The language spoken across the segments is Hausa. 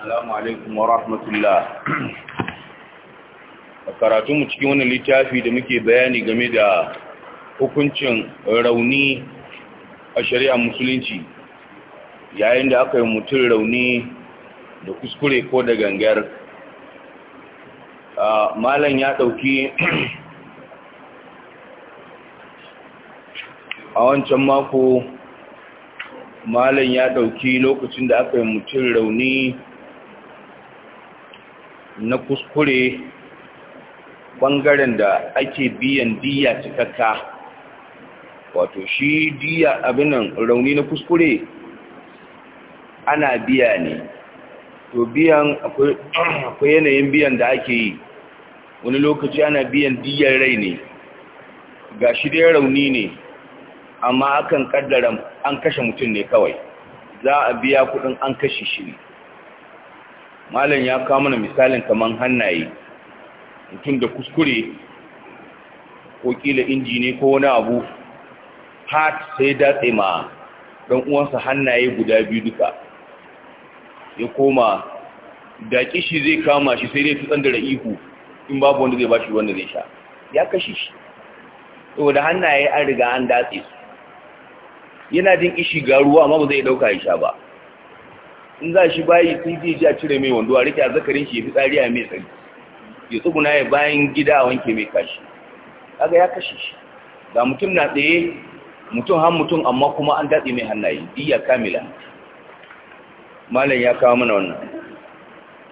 Assalamu alaikum wa rahmatullah. A karatunmu cikin wani littafi da muke bayani game da hukuncin rauni a shari'ar musulunci yayin da aka yi mutum rauni da kuskure ko da gangar. Malam ya ɗauki a wancan mako Malam ya ɗauki lokacin da aka yi mutum rauni na kuskure bangaren da ake biyan diya cikakka wato shi diya abinan rauni na kuskure ana biya ne to biyan akwai yanayin biyan da ake yi wani lokaci ana biyan diyar rai ne ga shi dai rauni ne amma akan kaddara an kashe mutum ne kawai za a biya kudin an kashe shi ne malam ya kawo mana misalin kaman hannaye mutum da kuskure ko kila inji ne ko wani abu hat sai datse ma dan uwansa hannaye guda biyu duka ya koma da kishi zai kama shi sai dai tutsan da ihu in babu wanda zai bashi wanda zai sha ya kashi shi da hannaye an riga an datse su yana jin kishi ga ruwa amma ba zai dauka ya sha ba in za shi bayi sun ji a cire mai wando a rike a zakarin shi ya fi tsari a mai tsari ya tsuguna ya bayan gida a wanke mai kashi kaga ya kashe shi ga mutum na tsaye mutum har mutum amma kuma an datse mai hannaye iya kamila malam ya kawo mana wannan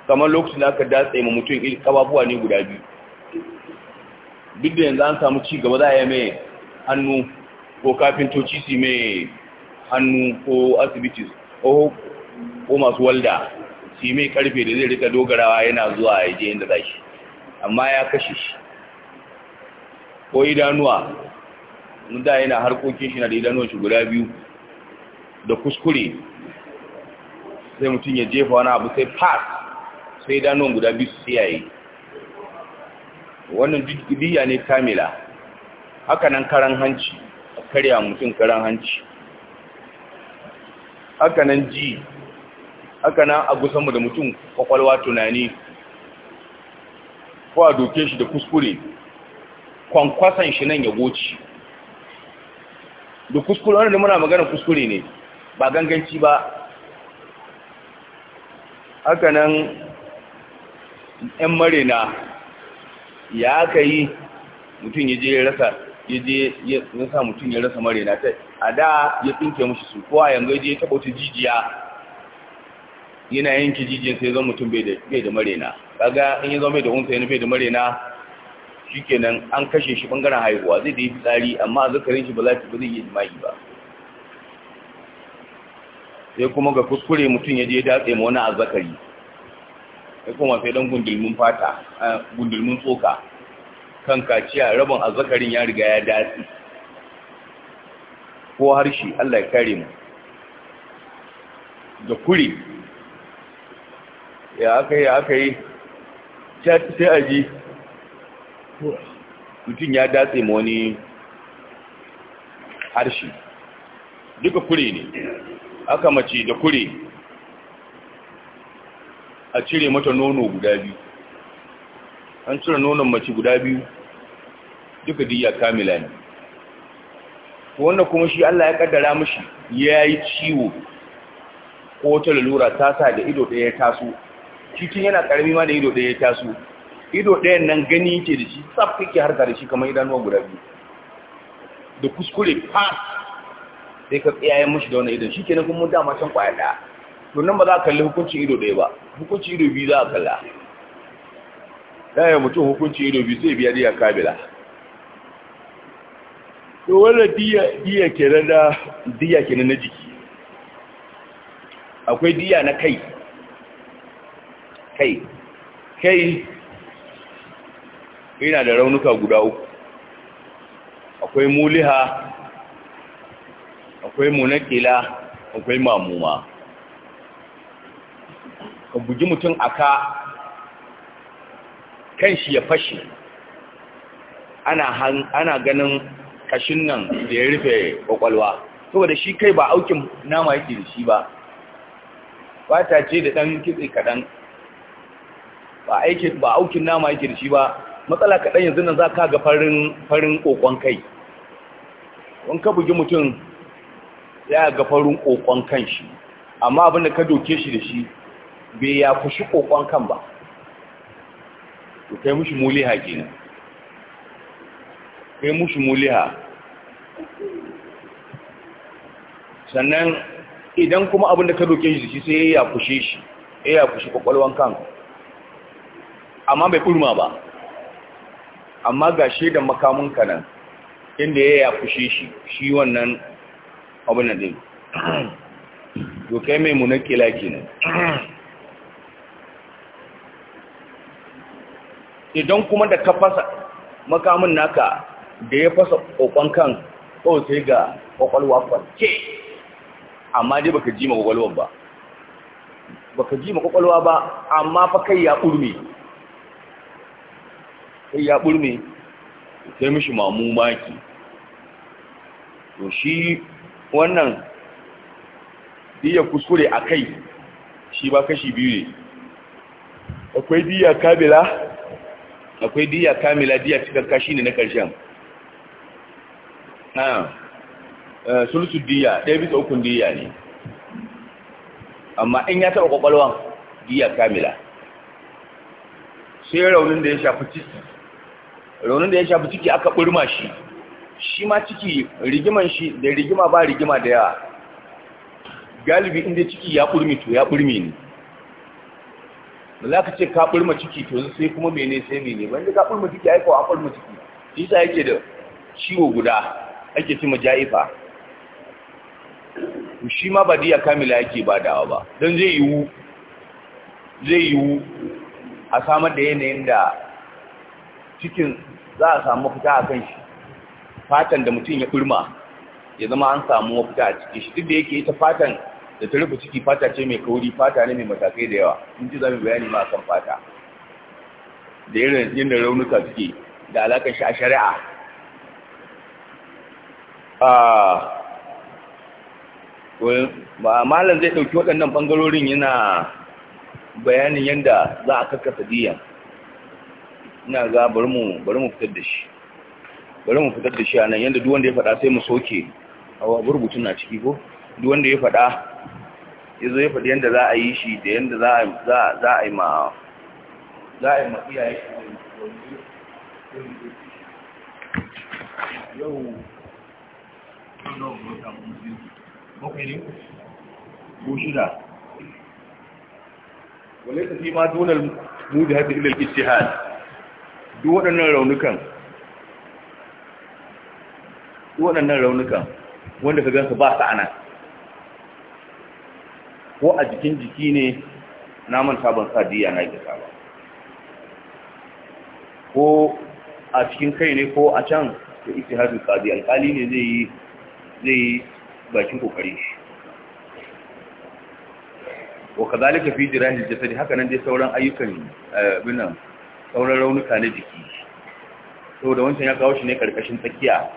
kamar lokacin da aka datse ma mutum il kababuwa ne guda biyu duk da yanzu an samu ci gaba za a yi mai hannu ko toci su mai hannu ko asibiti ko masu walda shi mai karfe da zai rika dogarawa yana zuwa ya je inda zai amma ya kashe shi ko idanuwa mun da yana harkokin shi na da idanuwan shi guda biyu da kuskure sai mutum ya jefa wani abu sai pass sai idanuwan guda biyu su siyaye wannan diya ne kamila haka nan karan hanci a karya mutum karan hanci haka nan ji haka na a gusan mu da mutum kwakwalwa tunani ko a doke shi da kuskure kwankwasan shi nan ya goci da kuskure wanda da muna magana kuskure ne ba ganganci ba haka nan 'yan marina ya aka yi mutum ya je ya rasa ya je ya sa mutum ya rasa marina ta a da ya tsinke mushi su kowa yanzu ya je ya taɓa wata jijiya yana yanki jijin sai zan mutum bai da marena kaga in yi zama bai da unsa yana bai da marena kenan. an kashe shi bangaren haihuwa zai da yi fitsari amma zakarin shi ba za ba zai yi jima'i ba sai kuma ga kuskure mutum ya je datse ma wani azzakari sai kuma sai don gundulmin fata gundulmin tsoka kan kaciya rabin azzakarin ya riga ya datse ko harshe Allah ya kare mu da kure ya aka yi aka yi sai a ji mutum ya datse ma wani harshe duka kure ne aka mace da kure a cire mata nono guda biyu an cire nonon mace guda biyu duka diya kamila ne wannan kuma shi Allah ya kaddara mishi ya yi ciwo ko ta lalura ta sa da ido ɗaya taso Cikin yana karmi ma da ido ɗaya ya taso ido ɗayan nan gani yake da shi tsaf ke harka da shi kamar idanuwa guda biyu da kuskure fas sai ka tsayaye mashi da wani idan shi kenan kuma dama can kwaya ɗaya to nan ba za a kalli hukuncin ido ɗaya ba hukuncin ido biyu za a kalla ɗaya mutum hukuncin ido biyu sai biya diya kabila to wanda diya kenan na jiki akwai diya na kai kai kai yana da raunuka guda uku akwai muliha akwai munakila akwai mamuma ka bugi mutum aka kan shi ya fashe ana ganin kashin nan da ya rufe kwakwalwa saboda shi kai ba aukin nama yake da shi ba ta ce da ɗan kitse kaɗan ba aikin ba aukin nama yake da shi ba matsala kaɗan yanzu nan za ka ga farin farin ƙoƙon kai wani ka bugi mutum ya ga farin ƙoƙon kan shi amma abin da ka doke shi da shi bai ya kushi ƙoƙon kan ba to kai mushi muliha kenan kai mushi muliha sannan idan kuma abin da ka doke shi da shi sai ya kushe shi ya kushe ƙwaƙwalwan kan amma bai kurma ba amma ga da makamunka nan inda ya ya fushe shi shi wannan abin da dokai mai munakila kenan idan kuma da ka fasa makamun naka da ya fasa kokon kan kawai sai ga ƙwaƙwalwa kwace amma dai baka ji ma ƙwaƙwalwa ba baka ji ma ƙwaƙwalwa ba amma fa kai ya kurme sai ya burme sai mishi mamu maki to shi wannan biya kuskure a kai shi ba kashi biyu ne akwai biya kabila akwai biya kamila diya cikin kashi ne na ƙarshen ha eh, sulusu biya ɗaya bisa ukun biya ne amma in ya taɓa ƙwaƙwalwan biya kamila sai raunin da ya shafi ciki raunin da ya shafi ciki aka ɓurma shi shi ma ciki rigiman shi da rigima ba rigima da yawa galibi inda ciki ya ɓurmi to ya ɓurmi ne ba za ka ce ka ɓurma ciki to sai kuma mene sai mene ba inda ka ɓurma ciki aiko a ɓurma ciki shi sa yake da ciwo guda ake cima ja'ifa shi ma ba diya kamila yake ba dawa ba don zai yiwu zai yiwu a samar da yanayin da cikin za a samu mafita a kan shi fatan da mutum ya kurma ya zama an samu mafita a ciki shi duk da yake ita fatan da ta rufe ciki fata ce mai kauri fata ne mai matakai da yawa in ji za bayani ma kan fata da irin yadda raunuka suke da alaƙar shi a shari'a ba malam zai ɗauki waɗannan ɓangarorin yana bayanin yadda za a kakkasa diyan ina ga bari mu mu fitar da shi bari mu fitar da shi anan yanda duk wanda ya faɗa sai mu soke a rubutun na ciki ko duk wanda ya faɗa ya fada yanda za a yi shi da yanda za a za a yi ma za a yi ma iyaye yau ne shida wale ta ma donar mu da hada ilil ijtihad duk waɗannan raunukan waɗannan raunukan wanda ka gansu ba ana ko a jikin jiki ne naman sabon sadiya na gisa ba ko a cikin kai ne ko a can da ita hajji sadiya alkali ne zai yi bakin kokari wa kazalika fi jirahil jasadi haka nan dai sauran ayyukan eh, binan sauran raunuka na jiki so da wancan ya kawo shi ne karkashin tsakiya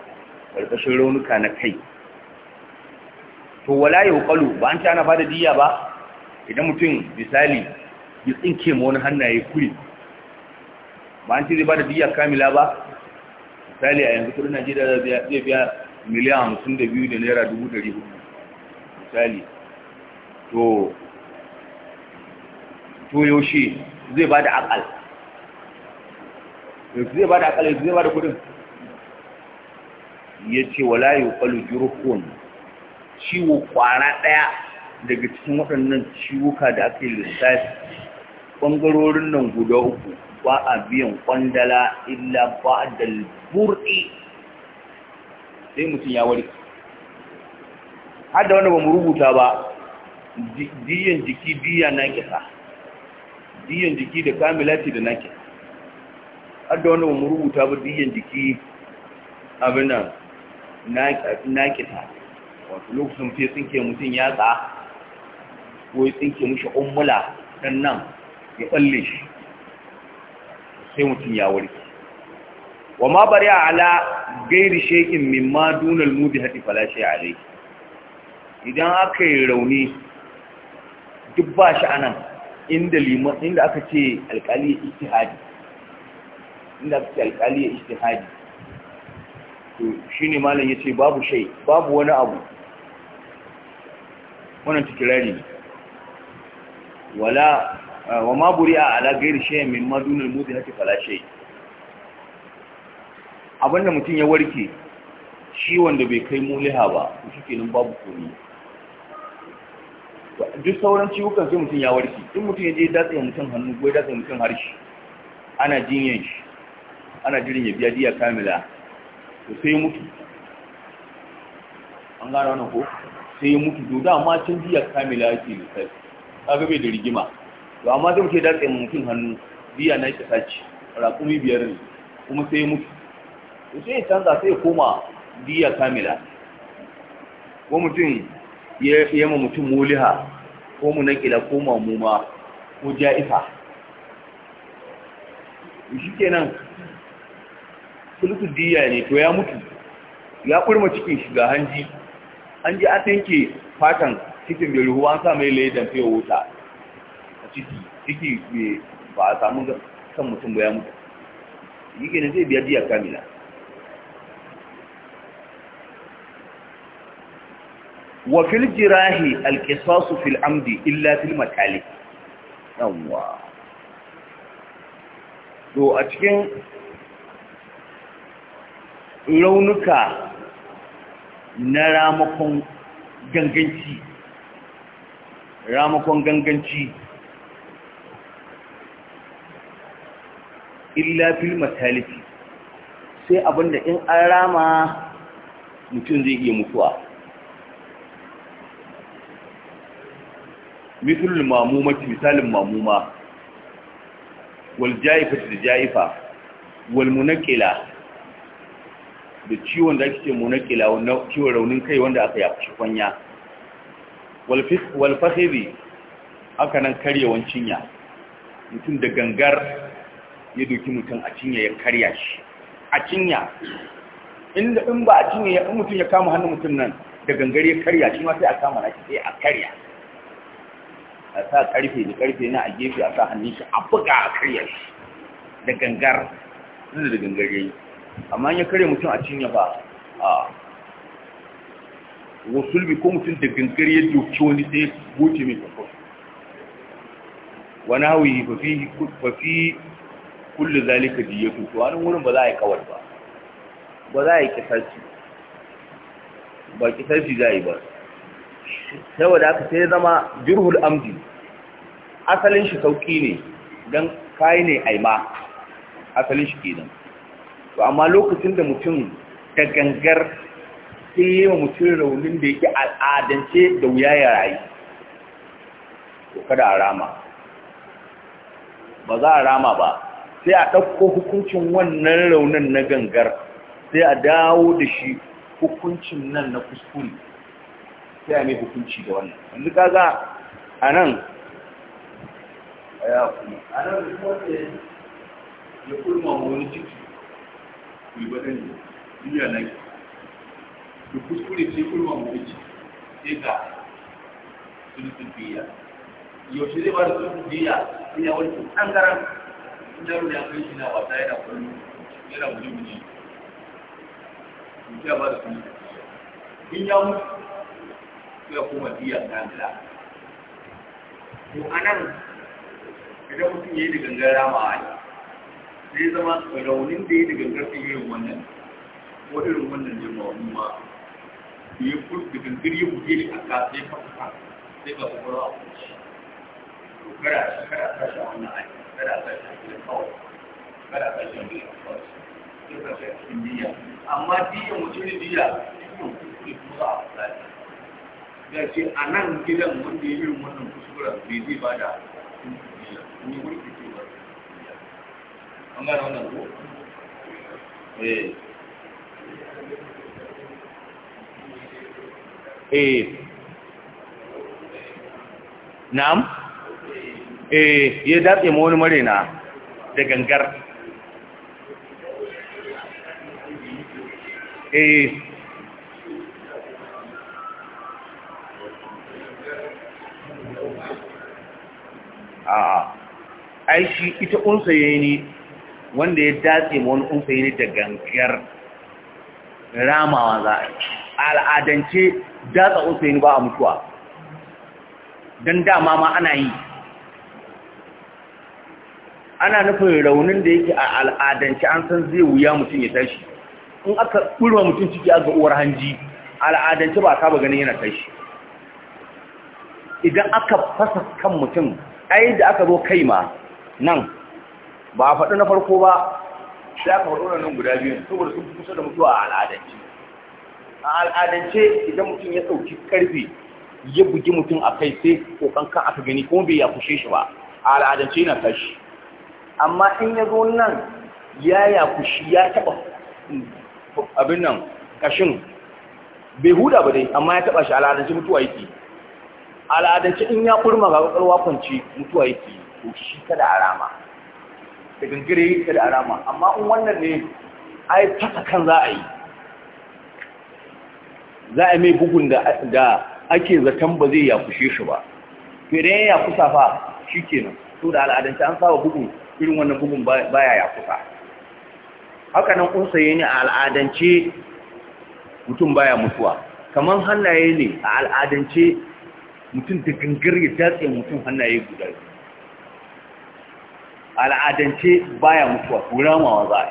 karkashin raunuka na kai to wala yau kalu ba an cana ba da diya ba idan mutum misali yi tsinke ma wani hannaye kuri ba an ci zai ba da diya kamila ba misali a yanzu kudin najeriya zai biya miliyan hamsin da biyu da naira dubu dari hudu misali to to yaushe zai ba da akal yanzu zai ba da akalai yanzu zai ba da kudin ya ce wa layu kwallo jirukun ciwo kwana ɗaya daga cikin waɗannan ciwuka da aka yi lissafi ɓangarorin nan guda uku ba a biyan kwandala illa ba da burɗi sai mutum ya warke har da wanda ba mu rubuta ba diyan jiki diya na kisa diyan jiki da kamilati da na kisa har da wanda mu rubuta ba diyan jiki abin nan na kita wato lokacin sai tsinke mutum ya tsa ko ya tsinke mushi ummula dan nan ya balle shi sai mutum ya warke wa ma bari ala gairi shekin mimma dunal mudi hadi fala alai idan aka yi rauni duk ba shi anan inda liman inda aka ce alkali ijtihadi inda suke alƙali ya ijtihadi to shi shine malam ce babu shai, babu wani abu wannan tukirari ne wala eh, wa ma a ala ghairi shay'in madunar mutu haka fala shai abinda mutum ya warke shi wanda bai kai muliha ba to nan babu komai duk sauran ciwukan sai mutum ya warke duk mutum ya je datsa mutum hannu ko ya datsa mutum harshe ana jinyan shi ana jirin ya biya diya kamila to sai mutu an gano wannan ko sai mutu to da ma can diya kamila yake lissafi ta gabe da rigima to amma zai mutu ya datse mutum hannu diya na ita sace raƙumi biyar ne kuma sai mutu to sai ya canza sai ya koma diya kamila ko mutum ya yi ma mutum muliha ko mu kila ko muma ko ja'ifa shi kenan sulusu diya ne to ya mutu ya kurma cikin shiga hanji hanji an tanke fatan cikin da ruwa an sa mai laidan fiye wuta a ciki ciki ba a samu kan mutum ba ya mutu yake gina zai biya diya kamila wa fil jirahi alqisas fil amdi illa fil matali yawwa to a cikin raunuka na ramakon ganganci ramakon ganganci illa fil matalifi sai abinda in an rama mutum zai iya mutuwa mitul mamuma misalin mamuma wal ja'ifa da ja'ifa wal munakila da ciwon da ake ce munakila ciwon raunin kai wanda aka yafi shi kwanya walfahiri aka nan karyewan cinya mutum da gangar ya doki mutum a cinya ya karya shi a cinya inda in ba a cinya in mutum ya kama hannun mutum nan da gangar ya karya shi ma sai a kama na shi sai a karya a sa karfe da karfe na a gefe a sa hannun shi a buga a karya shi da gangar da gangar ya yi amma ya kare mutum a cinya ba a wasulbi ko mutum da gangar ya doki wani sai goce mai kwakwa wani hawi ba fi kulle zalika da ya tutu. wani wurin ba za a yi kawar ba ba za a yi kisarci ba kisarci za a yi ba Sai wada aka sai zama jirhul amdi asalin shi sauki ne don kayi ne aima asalin shi kenan to amma lokacin da mutum ta gangar sai yi wa mutum raunin da yake al'adance da wuya ya rayu to kada a rama ba za a rama ba sai a ɗauko hukuncin wannan raunin na gangar sai a dawo da shi hukuncin nan na kuskure sai a mai hukunci da wannan ka kaga a nan a nan wanda ya kulma wani ciki ku yi baɗani duniya na ki ku kuskure ce kurma mu ce sai ga sulhun biya yaushe zai ba da sulhun biya sai ya wani tangaran inda ruwa ya kai shi na wasa yana kwallo yana guje-guje mutu ya ba da sulhun biya in ya mutu sai ya koma biya na gida to anan idan mutum ya yi da gangan rama a sai zama raunin da ya daga gangarsa irin wannan ko irin wannan ne ba wani ma ya da gangar ya buge ni a ka sai ka fita sai ka kuma a kuci kara kada kada ta shi wannan ai kada ta shi da kawai kada ta shi da kawai sai ka a cikin diya amma diya mutum ne diya cikin kuskure kuma a kusa ya ce a nan gidan wanda ya irin wannan kuskuren bai zai bada ni mulki an gane wannan ko eh eh na'am eh ya datse ma wani marena da gangar eh a'a ai shi ita unsa yayi ni wanda ya dace ma wani unsa ne da gangar ramawa za a yi al'adance datsa unsa yi ba a mutuwa don dama ma ana yi ana nufin raunin da yake a al'adance an san zai wuya mutum ya tashi in aka ɓurwa mutum ciki ga uwar hanji al'adance ba saba ganin yana tashi idan aka fasa kan mutum ai da aka zo kai ma nan ba a faɗi na farko ba shi aka faɗi wannan guda biyu saboda sun fi kusa da mutuwa a al'adance a al'adance idan mutum ya ɗauki karfe ya bugi mutum a kai sai kokan kan aka gani kuma bai ya kushe shi ba a al'adance yana tashi amma in ya zo nan ya ya kushi ya taɓa mm, abin nan kashin, bai huda ba dai amma ya taɓa shi al'adance mutuwa yake al'adance in ya kurma ga kwakwalwa kwanci mutuwa yake to shi kada a rama da gangare da alama amma in wannan ne ai fasa kan za a yi za a mai bugun da ake zaton ba zai yakushe shi ba to idan ya kusa fa shi kenan to da al'adance an saba bugun irin wannan bugun baya yakusa haka nan unsaye ne a al'adance mutum baya mutuwa kamar hannaye ne a al'adance mutum da gangar ya datse mutum hannaye guda biyu al'adance baya mutuwa ko ramawa za a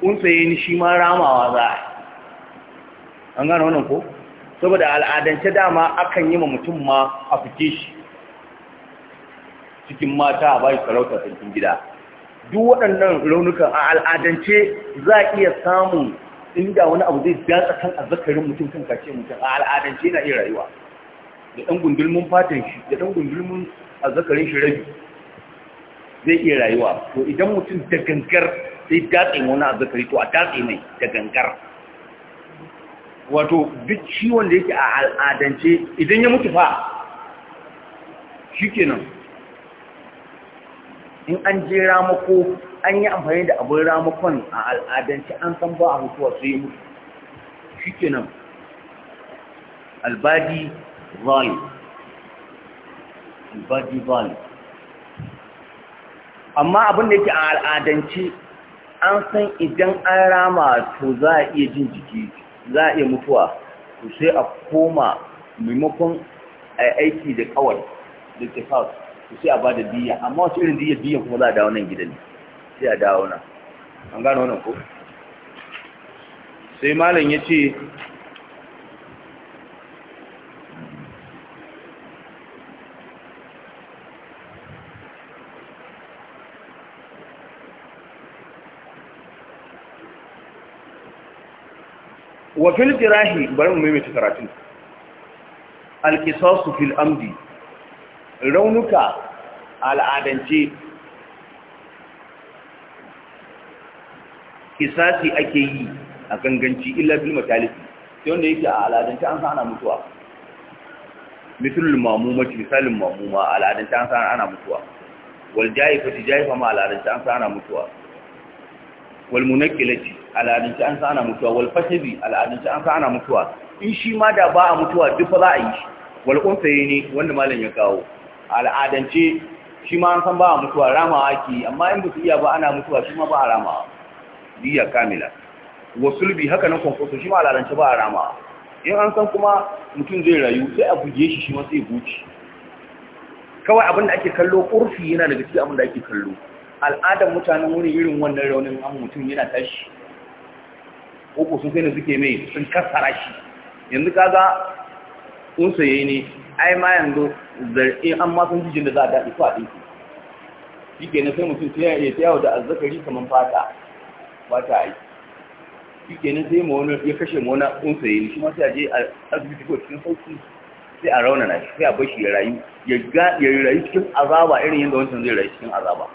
tsuntsaye ni shi ma ramawa za a an gano wannan ko saboda al'adance dama akan yi ma mutum ma a fike shi cikin mata a bai sarauta sarkin gida duk waɗannan raunukan a al'adance za a iya samun inda wani abu zai datsa kan azzakarin mutum kan kace mutum a al'adance na iya rayuwa da ɗan gundulmin fatan shi da ɗan gundulmin azzakarin shi rabi zai iya rayuwa to idan mutum da gangar sai datse wani azzakari to a datse mai da gangar wato duk ciwon da yake a al'adance idan ya mutu fa shi kenan in an je ramako an yi amfani da abin ramakon a al'adance an san ba a mutuwa yi mutu shikenan albadi zalim body value amma abin da yake a al'adance an san idan an rama to za a iya jin jiki za a iya mutuwa to sai a koma maimakon a aiki da kawai da ke fasu to sai a ba da biya amma wasu irin da biya kuma za a dawo nan gidan sai a dawo nan an gano wani ko sai malam ya ce wa fil jirahi bari mu maimaita karatun Alkisasu fil amdi raunuka al'adance kisasi ake yi a ganganci illa bil matalifi sai wanda yake a al'adance an san ana mutuwa mithlul mamuma misalin mamuma a al'adance an san ana mutuwa wal jaifa tijayfa jaifa ma al'adance an san ana mutuwa wal munakkilati al'adance an sa ana mutuwa wal fasibi al'adance an sa ana mutuwa in shi ma da ba a mutuwa duk fa za a yi shi wal kunsaye ne wanda malam ya kawo al'adance shi ma an san ba a mutuwa ramawa ke amma in bisu iya ba ana mutuwa shi ma ba a ramawa diya kamila wasulbi haka nan kwankwaso shi ma al'adance ba a ramawa in an san kuma mutum zai rayu sai a buge shi shi ma sai buci kawai abin da ake kallo urfi yana daga cikin abin da ake kallo al'adar mutanen wurin irin wannan raunin an mutum yana tashi uku sun sai suke mai sun kassara shi yanzu kaga sun saye ne ai ma yanzu zarɗe an ma sun jijin da za a daɗi ko a ɗinki shi ke na sai mutum ta yaya ta yawo da azzakari kamar fata ba ta yi shi ke na sai mawana ya kashe mawana sun saye ne shi ma sai a je a asibiti ko cikin sauki sai a raunana shi sai a bashi ya rayu ya rayu cikin azaba irin yadda wancan zai rayu cikin azaba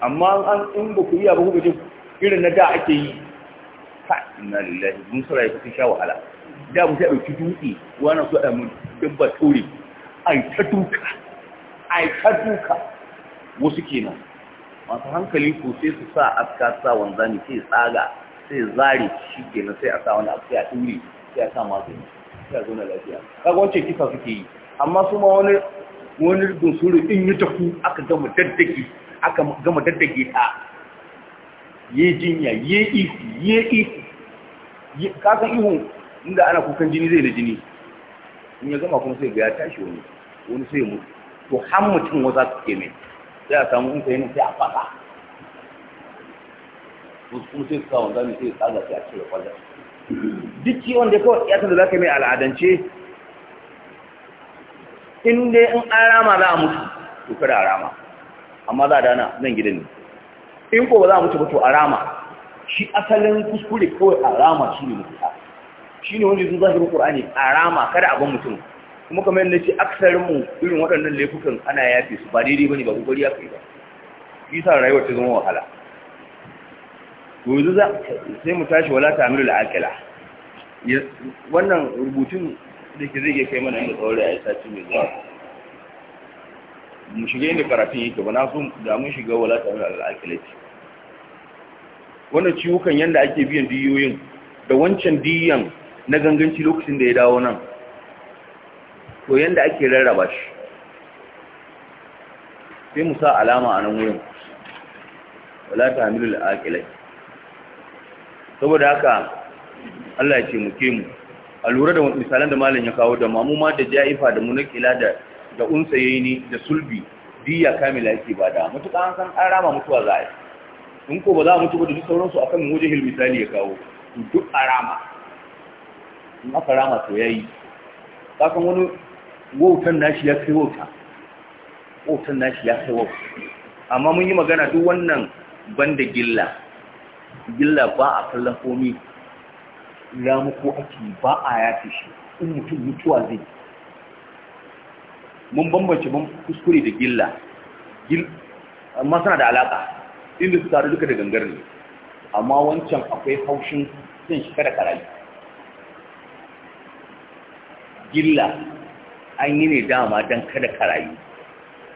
amma an in ba ku yi abu ku ce irin na da ake yi inna lillahi mun sura ya fi sha wahala da mu sai dauki dutse Wannan su da mun dabba tore ai ta duka ai ta duka wasu kenan masu hankali ko sai su sa aska sa ne sai tsaga sai zare shi kenan sai a sa wani abu sai a dure sai a sa magani sai a zauna lafiya kaga wancan kisa suke yi amma su ma wani wani gunsuru in yi tafu aka gama daddage aka gama daddage ta ye jinya ye ihu ye ihu ka san ihun inda ana kukan jini zai da jini in ya gama kuma sai ga ya tashi wani wani sai mutu to har mutum wa za su ke mai sai a samu in kai sai a faɗa. wasu kuma sai su sa wanda ne sai tsaga sai a cire kwallon duk ciwon da kawai ya da za ka mai al'adance in dai in an rama za a mutu to kada a rama amma za a dana nan gidan ne in ko ba za a mutu ba to a rama shi asalin kuskure kawai arama shi ne mafita shi ne wanda sun zahirin ƙur'ani arama kada abin mutum kuma kamar yadda ce aksarin mu irin waɗannan laifukan ana yafe su ba daidai ba ne, ba kokari ya kai ba bisa rayuwar ta zama wahala to yanzu za sai mu tashi wala ta al-aqila wannan rubutun da ke zai kai mana inda tsawon ya saci mai zuwa mu shiga inda karatun yake ba na so da mun shiga wala ta'milu la'akila ce. wannan ciwukan yanda ake biyan diyoyin da wancan diyan na ganganci lokacin da ya dawo nan to yanda ake rarraba shi sai mu sa alama a nan wurin wala ta hamilul aqilai saboda haka Allah ya ce mu ke mu a lura da misalan da malam ya kawo da mamuma da ja'ifa da munakila da da ne da sulbi diya kamila yake bada mutuka an san an rama mutuwa za a yi in ko ba za a mutu ba da duk sauransu akan hil misali ya kawo duk arama in aka rama to yayi kakan wani wautan nashi ya kai wauta wautan nashi ya kai wauta amma mun yi magana duk wannan banda gilla gilla ba a kallon komi ko ake ba a ya yafe shi in mutum mutuwa zai mun bambance ban kuskure da gilla amma suna da alaƙa inda su taru duka da gangar ne amma wancan akwai haushin sun shi kada karayi gilla an yi ne dama don kada karayi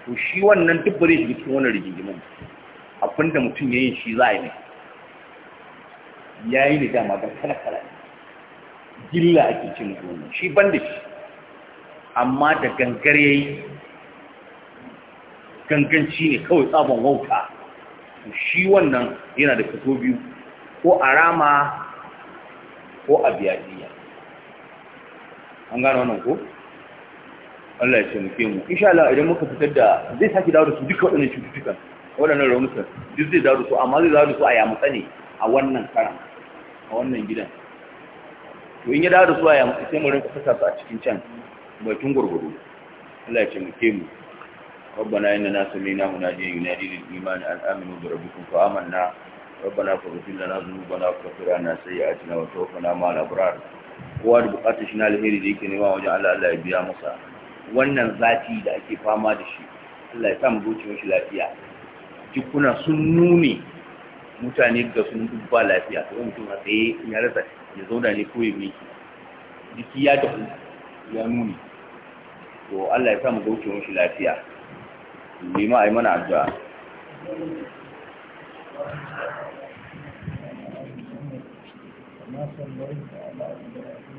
to shi wannan duk ba zai shiga cikin wannan rigingimin abinda mutum ya yi shi za a yi ne ya yi ne dama don kada karayi gilla ake cin wannan shi ban da shi amma da gangar ya yi ganganci ne kawai tsabon wauta shi wannan yana da fito biyu ko a rama ko a an gano wannan ko Allah ya taimake mu insha Allah idan muka fitar da zai saki dawo da su duka waɗannan cututtukan waɗannan raunukan duk zai dawo su amma zai dawo da su a yamutsa ne a wannan karan a wannan gidan to in ya dawo da su a yamutsa sai mu rinka fasa su a cikin can bakin gurguru Allah ya taimake mu ربنا إننا سمينا مناديا ينادي للإيمان أن آمنوا بربكم فآمنا ربنا فاغفر لنا ذنوبنا وكفر عنا سيئاتنا وتوفنا مع الأبرار kowa da bukatar shi na alheri da yake nema wajen Allah Allah ya biya masa wannan zati da ake fama da shi Allah ya sa mu zuciyar shi lafiya jikuna sun nune mutane ga sun dubba lafiya to mutum a tsaye ya rasa ya zauna ne ko ya miki jiki ya ya nuni to Allah ya samu mu zuciyar shi lafiya lima a yi mana addu'a Thank